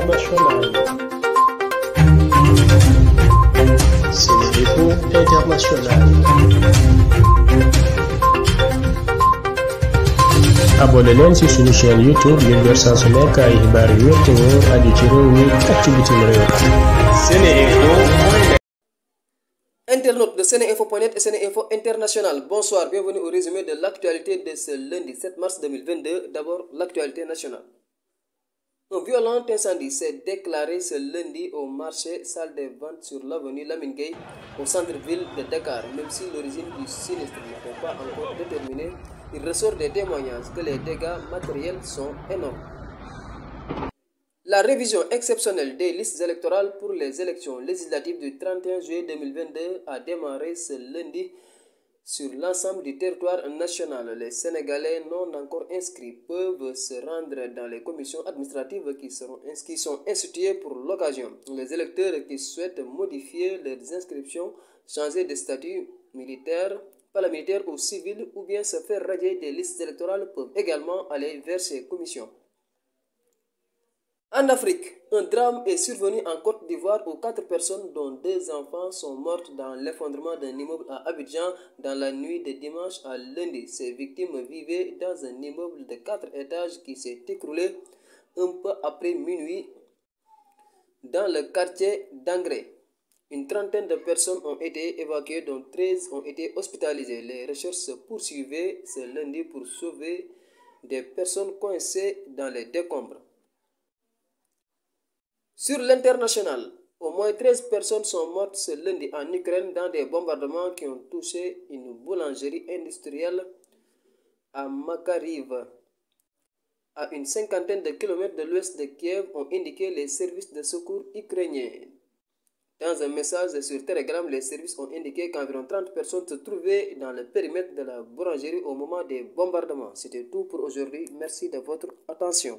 internationale. Sénéinfo International. abonné leen ci suñu chaîne YouTube yi door saa su nekk ay xibaar yu wér te wóor ci réew mi ci bitim réew. Sénéinfo. Internautes de Sénéinfo.net et Sénéinfo International, bonsoir, bienvenue au résumé de l'actualité de ce lundi 7 mars 2022. D'abord, l'actualité nationale. Un violent incendie s'est déclaré ce lundi au marché salle des ventes sur l'avenue Lamine Gueye au centre de Dakar. Même si l'origine du sinistre n'est pas encore déterminée, il ressort des témoignages que les dégâts matériels sont énormes. La révision exceptionnelle des listes électorales pour les élections législatives du 31 juillet 2022 a démarré ce lundi Sur l'ensemble du territoire national, les Sénégalais non encore inscrits peuvent se rendre dans les commissions administratives qui, seront, qui sont instituées pour l'occasion. Les électeurs qui souhaitent modifier leurs inscriptions, changer de statut militaire, paramilitaire ou civil ou bien se faire radier des listes électorales peuvent également aller vers ces commissions. En Afrique, un drame est survenu en Côte d'Ivoire où quatre personnes, dont deux enfants, sont mortes dans l'effondrement d'un immeuble à Abidjan dans la nuit de dimanche à lundi. Ces victimes vivaient dans un immeuble de quatre étages qui s'est écroulé un peu après minuit dans le quartier dengrais Une trentaine de personnes ont été évacuées, dont 13 ont été hospitalisées. Les recherches se poursuivaient ce lundi pour sauver des personnes coincées dans les décombres. Sur l'international, au moins 13 personnes sont mortes ce lundi en Ukraine dans des bombardements qui ont touché une boulangerie industrielle à Makariv. À une cinquantaine de kilomètres de l'ouest de Kiev, ont indiqué les services de secours ukrainiens. Dans un message sur Telegram, les services ont indiqué qu'environ 30 personnes se trouvaient dans le périmètre de la boulangerie au moment des bombardements. C'était tout pour aujourd'hui. Merci de votre attention.